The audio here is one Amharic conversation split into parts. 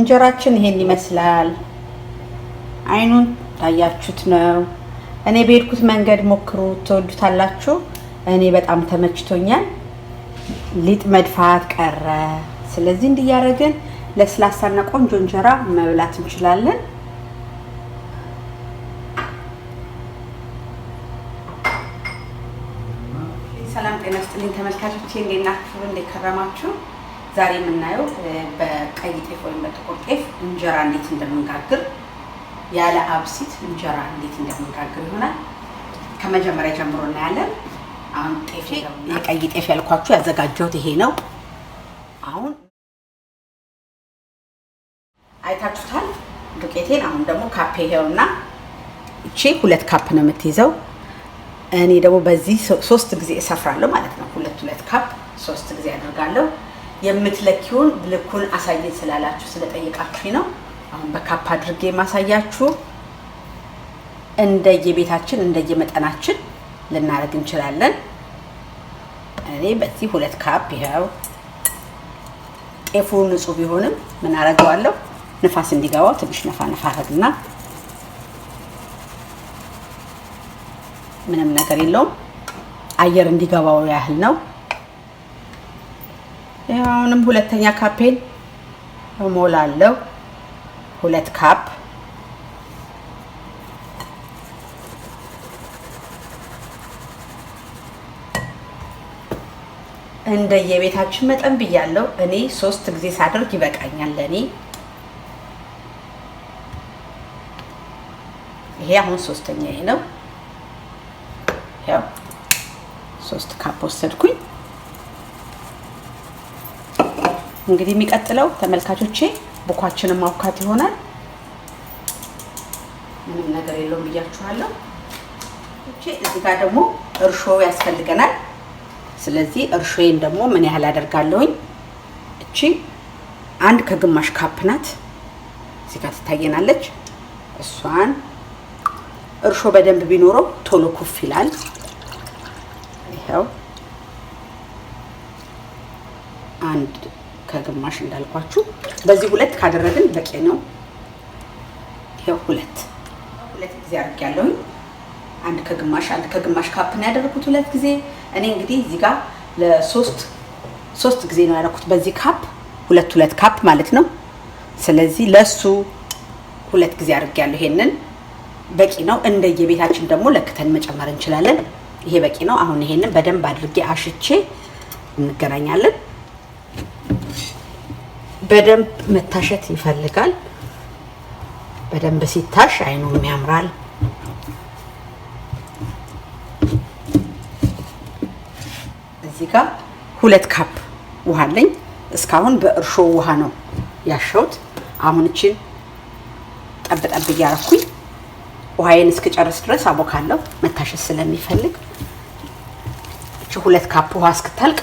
እንጀራችን ይሄን ይመስላል። አይኑን ታያችሁት ነው። እኔ በሄድኩት መንገድ ሞክሩ፣ ትወዱታላችሁ። እኔ በጣም ተመችቶኛል። ሊጥ መድፋት ቀረ። ስለዚህ እንዲያደረግን ለስላሳና ቆንጆ እንጀራ መብላት እንችላለን። ሰላም ጤና ይስጥልኝ ተመልካቾቼ፣ እንዴት ናችሁ? እንዴት ከረማችሁ? ዛሬ የምናየው በቀይ ጤፍ ወይም በጥቁር ጤፍ እንጀራ እንዴት እንደምንጋግር ያለ አብሲት እንጀራ እንዴት እንደምንጋግር ይሆናል። ከመጀመሪያ ጀምሮ እናያለን። አሁን ጤፍ የቀይ ጤፍ ያልኳችሁ ያዘጋጀሁት ይሄ ነው። አሁን አይታችሁታል ዱቄቴን። አሁን ደግሞ ካፕ ይሄውና፣ እቺ ሁለት ካፕ ነው የምትይዘው። እኔ ደግሞ በዚህ ሶስት ጊዜ እሰፍራለሁ ማለት ነው። ሁለት ሁለት ካፕ ሶስት ጊዜ አድርጋለሁ። የምትለኪውን ልኩን አሳየን ስላላችሁ ስለጠየቃችሁ ነው። አሁን በካፕ አድርጌ ማሳያችሁ። እንደየቤታችን እንደየመጠናችን ልናደርግ እንችላለን። እኔ በዚህ ሁለት ካፕ ይኸው ጤፉ ንጹህ ቢሆንም ምን አረገዋለሁ? ንፋስ እንዲገባው ትንሽ ነፋ ነፋ አረግና ምንም ነገር የለውም አየር እንዲገባው ያህል ነው አሁንም ሁለተኛ ካፔን እሞላለሁ። ሁለት ካፕ እንደ የቤታችን መጠን ብያለሁ። እኔ ሶስት ጊዜ ሳደርግ ይበቃኛል ለእኔ። ይሄ አሁን ሶስተኛ ይሄ ነው። ያው ሶስት ካፕ ወሰድኩኝ። እንግዲህ የሚቀጥለው ተመልካቾቼ ቡኳችንን ማውካት ይሆናል። ምንም ነገር የለውም ብያችኋለሁ። እዚህ ጋር ደግሞ እርሾ ያስፈልገናል። ስለዚህ እርሾዬን ደግሞ ምን ያህል አደርጋለሁኝ? እቺ አንድ ከግማሽ ካፕ ናት። እዚህ ጋር ትታየናለች። እሷን እርሾ በደንብ ቢኖረው ቶሎ ኩፍ ይላል። ይኸው አንድ ከግማሽ እንዳልኳችሁ በዚህ ሁለት ካደረግን በቂ ነው። ይኸው ሁለት ሁለት ጊዜ አድርጌያለሁኝ። አንድ ከግማሽ አንድ ከግማሽ ካፕ ነው ያደረኩት ሁለት ጊዜ። እኔ እንግዲህ እዚህ ጋር ለሶስት ሶስት ጊዜ ነው ያደረኩት በዚህ ካፕ ሁለት ሁለት ካፕ ማለት ነው። ስለዚህ ለሱ ሁለት ጊዜ አድርጌያለሁ። ይሄንን በቂ ነው። እንደየቤታችን ደግሞ ለክተን መጨመር እንችላለን። ይሄ በቂ ነው። አሁን ይሄንን በደንብ አድርጌ አሽቼ እንገናኛለን። በደንብ መታሸት ይፈልጋል። በደንብ ሲታሽ አይኑም ያምራል። እዚህ ጋር ሁለት ካፕ ውሃ አለኝ። እስካሁን በእርሾ ውሃ ነው ያሸሁት። አሁን እችን ጠብ ጠብ እያረኩኝ ውሃዬን እስክጨርስ ድረስ አቦካለሁ። መታሸት ስለሚፈልግ እች ሁለት ካፕ ውሃ እስክታልቅ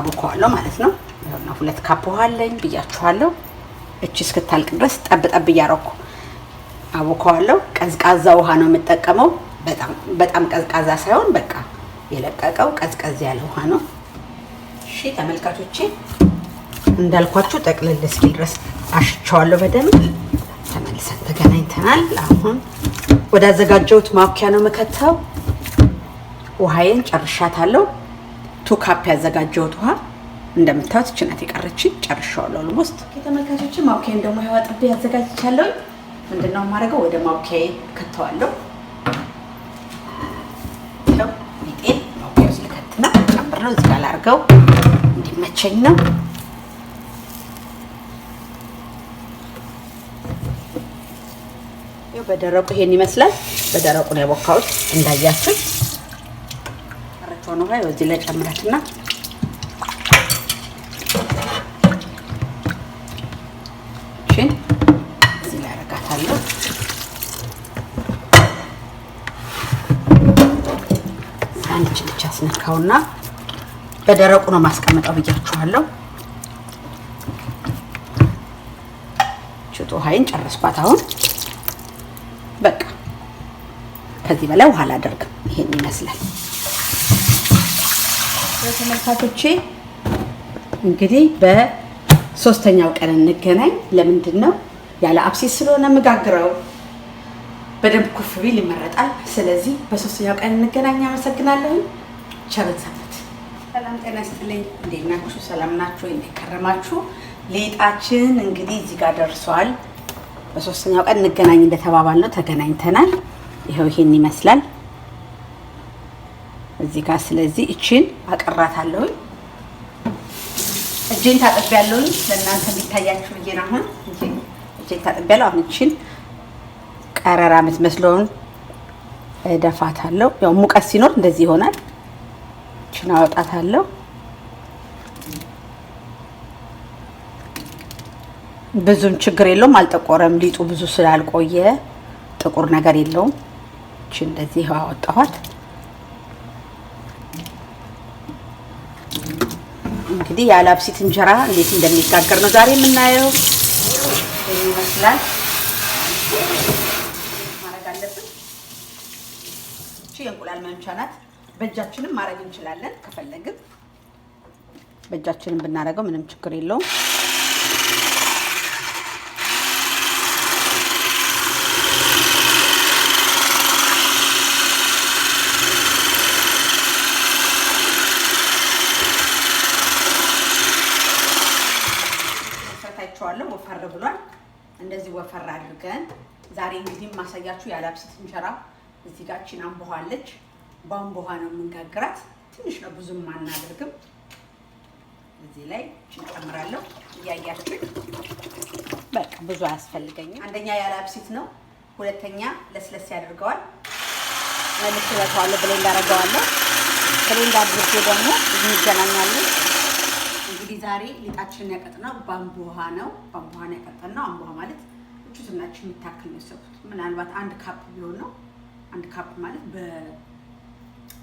አቦካዋለሁ ማለት ነው። ሁለት ካፕ ውሃ አለኝ ብያችኋለሁ። እቺ እስክታልቅ ድረስ ጠብ ጠብ እያረኩ አቦከዋለሁ። ቀዝቃዛ ውሃ ነው የምጠቀመው። በጣም በጣም ቀዝቃዛ ሳይሆን በቃ የለቀቀው ቀዝቀዝ ያለ ውሃ ነው። እሺ ተመልካቾቼ እንዳልኳችሁ ጠቅልል እስኪል ድረስ አሽቸዋለሁ በደንብ። ተመልሰን ተገናኝተናል። አሁን ወዳዘጋጀሁት ማውኪያ ነው የምከተው። ውሃዬን ጨርሻታለሁ። ቱ ካፕ ያዘጋጀሁት ውሃ እንደምታዩት ችናት የቀረች ጨርሻዋለሁ። ልሞስት ከተመልካቾች ማብኪያን ደግሞ ያዋጥቤ ያዘጋጅቻለሁ። ምንድነው የማደርገው? ወደ ማብኪያ ከተዋለሁ። ሚጤን ውስጥ ነው፣ ጨምር ነው። እዚህ ጋር እንዲመቸኝ ነው። በደረቁ ይሄን ይመስላል። በደረቁ ነው እንዳያችሁ። ላይ ጨምረትና ነካውና በደረቁ ነው ማስቀምጠው ብያችኋለሁ። ችቶ ሀይን ጨረስኳት። አሁን በቃ ከዚህ በላይ ውሃ አላደርግም። ይሄን ይመስላል ተመልካቾቼ። እንግዲህ በሶስተኛው ቀን እንገናኝ። ለምንድን ነው ያለ አብሲስ ስለሆነ መጋግረው በደንብ ኩፍ ቢል ይመረጣል። ስለዚህ በሶስተኛው ቀን እንገናኝ። አመሰግናለሁ። ቸርን ሰንብት። ሰላም ጤና ይስጥልኝ። እንዴት ናችሁ? ሰላም ናችሁ? እንዴት ሌጣችን እንግዲህ እዚህ ጋር ደርሷል። በሶስተኛው ቀን እንገናኝ እንደተባባልነው ተገናኝተናል። ይኸው ይሄን ይመስላል እዚህ ጋር። ስለዚህ እችን አቀራታለሁኝ። እጄን ታጥቤያለሁኝ። ለእናንተ እንዲታያችሁ ብዬ ነው። አሁን እጄን ታጥቤያለሁ። አሁን እችን ቀረራ የምትመስለውን እደፋታለሁ። ያው ሙቀት ሲኖር እንደዚህ ይሆናል። ችን አወጣታለሁ። ብዙም ችግር የለውም፣ አልጠቆረም። ሊጡ ብዙ ስላልቆየ ጥቁር ነገር የለውም። እቺ እንደዚህ አወጣኋት። እንግዲህ የአላብሲት እንጀራ እንዴት እንደሚጋገር ነው ዛሬ የምናየው። ይመስላል ማድረግ አለብን። እቺ የእንቁላል መምቻ ናት። በእጃችንም ማድረግ እንችላለን። ከፈለግን በእጃችንም ብናደርገው ምንም ችግር የለውም። ሰርታችኋለሁ። ወፈር ብሏል። እንደዚህ ወፈር አድርገን ዛሬ እንግዲህ ማሳያችሁ የአላብስት እንጀራ እዚህ ጋር ቺናም በኋለች ቧንቧ ውሃ ነው የምንጋግራት። ትንሽ ነው ብዙም አናደርግም። እዚህ ላይ እንጨምራለሁ እያያችሁ። በቃ ብዙ አያስፈልገኝም። አንደኛ ያላብሲት ነው፣ ሁለተኛ ለስለስ ያደርገዋል። መልስ ይበተዋለሁ፣ ብሌንድ አደርገዋለሁ። ብሌንድ አድርጌ ደግሞ እንገናኛለን። እንግዲህ ዛሬ ሊጣችንን ያቀጥነው ባምቡ ውሃ ነው። ባምቡ ውሃ ነው ያቀጠነው። አምቡ ውሃ ማለት እቹ ትናችሁ የሚታክል ነው የሰሩት። ምናልባት አንድ ካፕ ቢሆን ነው። አንድ ካፕ ማለት በ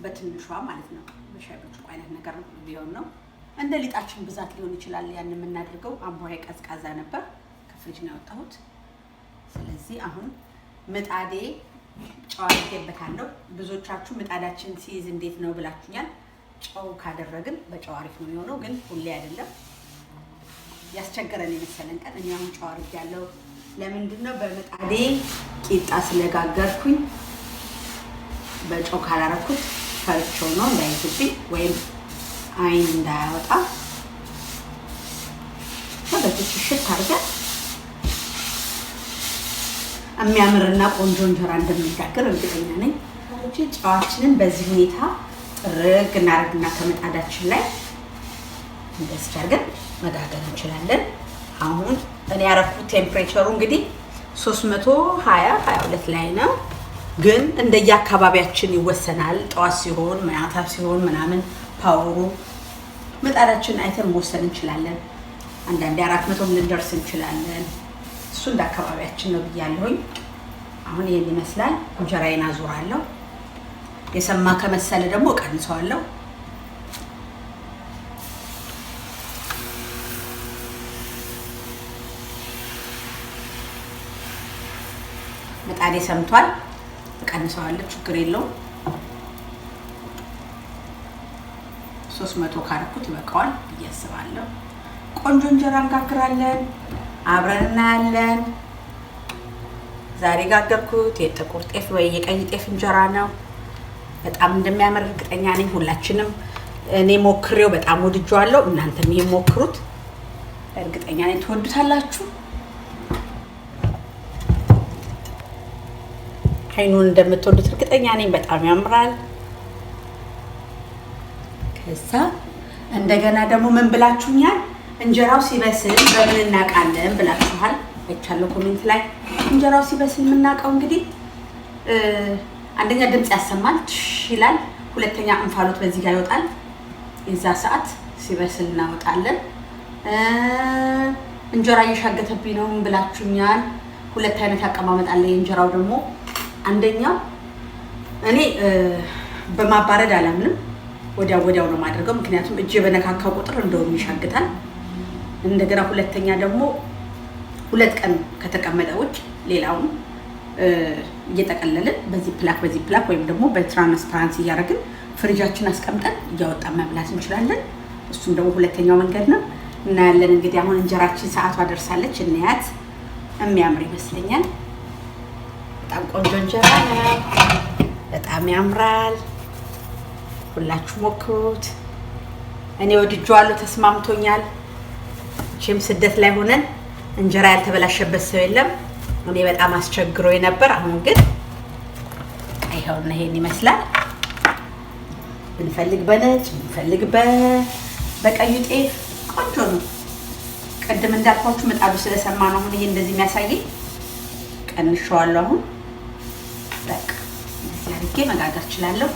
በትንሿ ማለት ነው። በሻይ ብርጭቆ አይነት ነገር ቢሆን ነው። እንደ ሊጣችን ብዛት ሊሆን ይችላል። ያን የምናደርገው አምቦ ቀዝቃዛ ነበር፣ ከፍሪጅ ነው ያወጣሁት። ስለዚህ አሁን ምጣዴ ጨው አድርጌበታለሁ። ብዙዎቻችሁ ምጣዳችን ሲይዝ እንዴት ነው ብላችኛል? ጨው ካደረግን በጨው አሪፍ ነው የሚሆነው፣ ግን ሁሌ አይደለም። ያስቸገረን የመሰለን ቀን እኔ አሁን ጨው አድርጌያለሁ። ለምንድን ነው በምጣዴ ቂጣ ስለጋገርኩኝ በጨው ካላረኩት ፈርቸው ነው እንዳይዝብኝ ወይም አይን እንዳያወጣ በዚህ ሽት አድርገን የሚያምርና ቆንጆ እንጀራ እንደምንጋግር እርግጠኛ ነኝ። ጨዋችንን በዚህ ሁኔታ ጥርግ እናደርግና ከምጣዳችን ላይ እንደዚህ አድርገን መጋገር እንችላለን። አሁን እኔ ያረኩት ቴምፕሬቸሩ እንግዲህ 320 22 ላይ ነው። ግን እንደየአካባቢያችን ይወሰናል። ጠዋት ሲሆን ማታ ሲሆን ምናምን ፓወሩ ምጣዳችን አይተን መወሰን እንችላለን። አንዳንዴ አራት መቶም ልንደርስ እንችላለን። እሱ እንደ አካባቢያችን ነው ብያለሁኝ። አሁን ይህን ይመስላል። እንጀራዬን አዙራለሁ። የሰማ ከመሰለ ደግሞ ቀንሰዋለሁ። ምጣዴ ሰምቷል። ቀንሰዋለ ችግር የለውም። ሶስት መቶ ካረኩት ይበቃዋል ብዬ አስባለሁ። ቆንጆ እንጀራ እንጋግራለን፣ አብረን እናያለን። ዛሬ ጋገርኩት የጥቁር ጤፍ ወይ የቀይ ጤፍ እንጀራ ነው። በጣም እንደሚያምር እርግጠኛ ነኝ። ሁላችንም እኔ ሞክሬው በጣም ወድጀዋለሁ። እናንተም ይሄ ሞክሩት፣ እርግጠኛ ነኝ ትወዱታላችሁ። አይኑን እንደምትወዱት እርግጠኛ ነኝ። በጣም ያምራል። ከዛ እንደገና ደግሞ ምን ብላችሁኛል? እንጀራው ሲበስል በምን እናውቃለን ብላችኋል። አይቻለሁ ኮሜንት ላይ እንጀራው ሲበስል የምናውቀው እንግዲህ አንደኛ ድምፅ ያሰማል ይላል። ሁለተኛ እንፋሎት በዚህ ጋር ይወጣል። የዛ ሰዓት ሲበስል እናወጣለን። እንጀራ እየሻገተብኝ ነው ብላችሁኛል። ሁለት አይነት አቀማመጥ አለ። የእንጀራው ደግሞ አንደኛው እኔ በማባረድ አላምንም። ወዲያው ወዲያው ነው የማደርገው፣ ምክንያቱም እጅ በነካካ ቁጥር እንደውም ይሻግታል። እንደገና ሁለተኛ ደግሞ ሁለት ቀን ከተቀመጠ ውጭ ሌላውን እየጠቀለልን በዚህ ፕላክ በዚህ ፕላክ ወይም ደግሞ በትራንስፓራንስ እያደረግን ፍሪጃችን አስቀምጠን እያወጣን መብላት እንችላለን። እሱም ደግሞ ሁለተኛው መንገድ ነው። እናያለን እንግዲህ አሁን እንጀራችን ሰዓቷ ደርሳለች። እናያት። የሚያምር ይመስለኛል። በጣም ቆንጆ እንጀራ ነው። በጣም ያምራል። ሁላችሁ ሞክሩት። እኔ ወድጄዋለሁ፣ ተስማምቶኛል። ቼም ስደት ላይ ሆነን እንጀራ ያልተበላሸበት ሰው የለም። እኔ በጣም አስቸግሮ ነበር። አሁን ግን ይኸውና ይሄን ይመስላል። ብንፈልግ በነጭ ብንፈልግ በቀዩ ጤፍ ቆንጆ ነው። ቅድም እንዳልኳችሁ ምጣዱ ስለሰማ ነው አሁን ይሄ እንደዚህ የሚያሳየኝ። ቀንሸዋለሁ አሁን አድርጌ መጋገር እችላለሁ።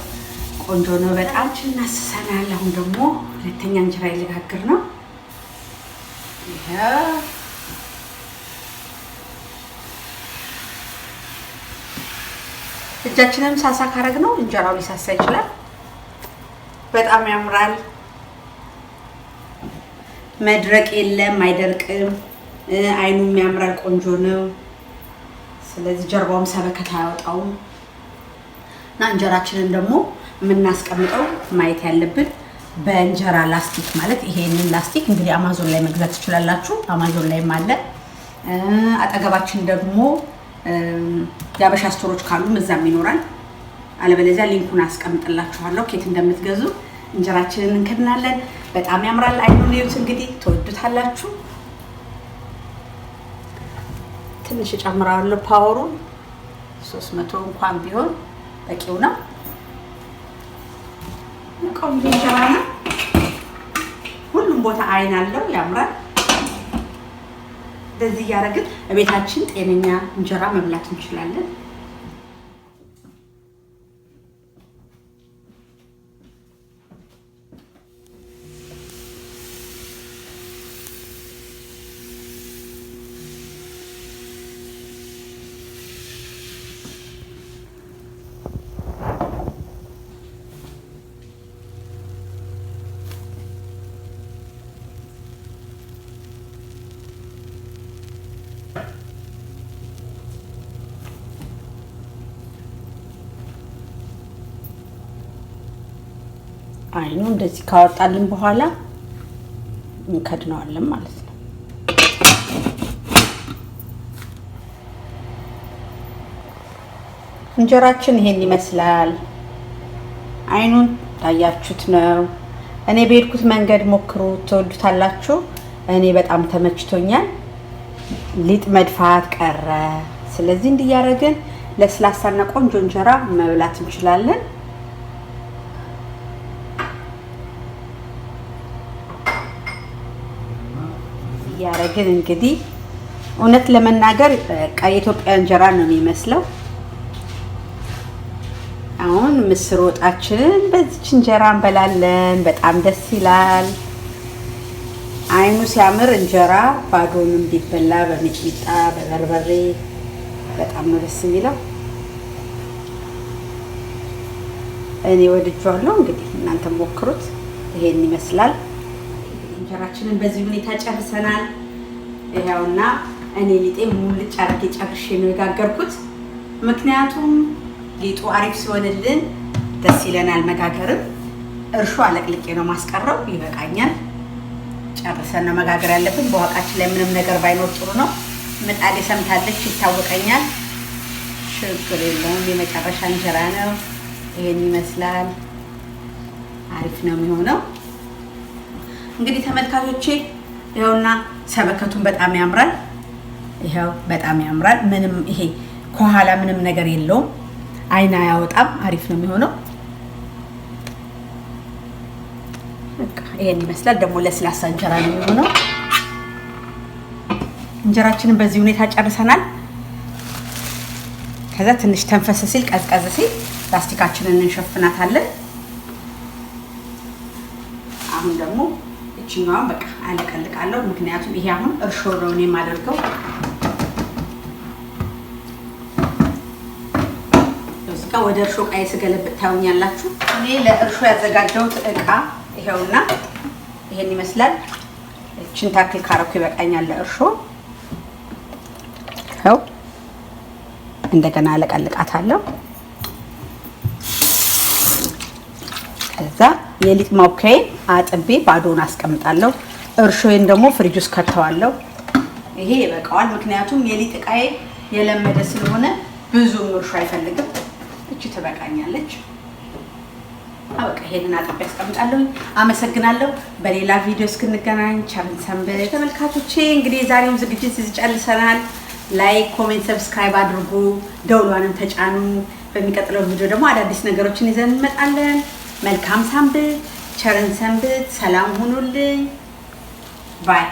ቆንጆ ነው በጣም እናስሰናል። አሁን ደግሞ ሁለተኛ እንጀራ ይለጋግር ነው። እጃችንም ሳሳ ካረግ ነው እንጀራው ሊሳሳ ይችላል። በጣም ያምራል። መድረቅ የለም አይደርቅም። አይኑም ያምራል። ቆንጆ ነው። ስለዚህ ጀርባውም ሰበከት አያወጣውም። እና እንጀራችንን ደግሞ የምናስቀምጠው ማየት ያለብን በእንጀራ ላስቲክ ማለት ይሄንን ላስቲክ እንግዲህ አማዞን ላይ መግዛት ትችላላችሁ። አማዞን ላይም አለ። አጠገባችን ደግሞ የአበሻ ስቶሮች ካሉም እዛም ይኖራል። አለበለዚያ ሊንኩን አስቀምጥላችኋለሁ ኬት እንደምትገዙ። እንጀራችንን እንክድናለን። በጣም ያምራል። አይኑን እዩት እንግዲህ ትወዱታላችሁ። ትንሽ እጨምራለሁ ፓወሩን ሶስት መቶ እንኳን ቢሆን በቂው ነው። እንጀራ ነው። ሁሉም ቦታ አይን አለው፣ ያምራል። እንደዚህ እያደረግን ቤታችን ጤነኛ እንጀራ መብላት እንችላለን። አይኑ እንደዚህ ካወጣልን በኋላ እንከድነዋለን ማለት ነው። እንጀራችን ይሄን ይመስላል። አይኑን ታያችሁት ነው። እኔ በሄድኩት መንገድ ሞክሩ፣ ትወዱታላችሁ። እኔ በጣም ተመችቶኛል። ሊጥ መድፋት ቀረ። ስለዚህ እንዲያደረግን ለስላሳና ቆንጆ እንጀራ መብላት እንችላለን። ይሄን እንግዲህ እውነት ለመናገር በቃ የኢትዮጵያ እንጀራ ነው የሚመስለው። አሁን ምስር ወጣችንን በዚች እንጀራ እንበላለን። በጣም ደስ ይላል። አይኑ ሲያምር እንጀራ ባዶንም ቢበላ በሚጥሚጣ በበርበሬ በጣም ነው ደስ የሚለው። እኔ ወድጄዋለሁ። እንግዲህ እናንተ ሞክሩት። ይሄን ይመስላል። እንጀራችንን በዚህ ሁኔታ ጨርሰናል። ይኸውና እኔ ሊጤ ሙልጭ አድርጌ ጨርሼ ነው የጋገርኩት። ምክንያቱም ሊጡ አሪፍ ሲሆንልን ደስ ይለናል መጋገርም። እርሾ አለቅልቄ ነው ማስቀረው፣ ይበቃኛል። ጨርሰን ነው መጋገር ያለብን። በዋቃችን ላይ ምንም ነገር ባይኖር ጥሩ ነው። ምጣዴ ሰምታለች፣ ይታወቀኛል። ችግር የለውም። የመጨረሻ እንጀራ ነው። ይሄን ይመስላል። አሪፍ ነው የሚሆነው። እንግዲህ ተመልካቾቼ ይኸውና ሰበከቱን በጣም ያምራል። ይኸው በጣም ያምራል። ምንም ይሄ ከኋላ ምንም ነገር የለውም። አይን አያወጣም። አሪፍ ነው የሚሆነው። ይሄን ይመስላል። ደግሞ ለስላሳ እንጀራ ነው የሚሆነው። እንጀራችንን በዚህ ሁኔታ ጨርሰናል። ከዛ ትንሽ ተንፈስ ሲል ቀዝቀዝ ሲል ላስቲካችንን እንሸፍናታለን። አሁን ደግሞ እችኛዋን በቃ አለቀልቃለሁ። ምክንያቱም ይሄ አሁን እርሾ ነው የማደርገው። እዚጋ ወደ እርሾ ቃይ የስገለብጥ ታዩኛላችሁ። እኔ ለእርሾ ያዘጋጀሁት እቃ ይሄውና ይሄን ይመስላል። እችን ታክል ካረኩ ይበቃኛል ለእርሾ። ይኸው እንደገና አለቀልቃታለሁ። የሊጥ ማቡኪያዬን አጥቤ ባዶውን አስቀምጣለሁ። እርሾዬን ደግሞ ፍሪጅ ውስጥ ከተዋለሁ። ይሄ ይበቃዋል። ምክንያቱም የሊጥ እቃዬ የለመደ ስለሆነ ብዙም እርሾ አይፈልግም። እቺ ትበቃኛለች። አበቃ ይሄንን አጥቤ ያስቀምጣለሁ። አመሰግናለሁ። በሌላ ቪዲዮ እስክንገናኝ ቸርን ሰንብት። ተመልካቾቼ እንግዲህ የዛሬውን ዝግጅት እዚህ ጨርሰናል። ላይክ፣ ኮሜንት፣ ሰብስክራይብ አድርጉ፣ ደውሏንም ተጫኑ። በሚቀጥለው ቪዲዮ ደግሞ አዳዲስ ነገሮችን ይዘን እንመጣለን። መልካም ሳምንት፣ ቸርን ሰንብት፣ ሰላም ሁኑልኝ ባይ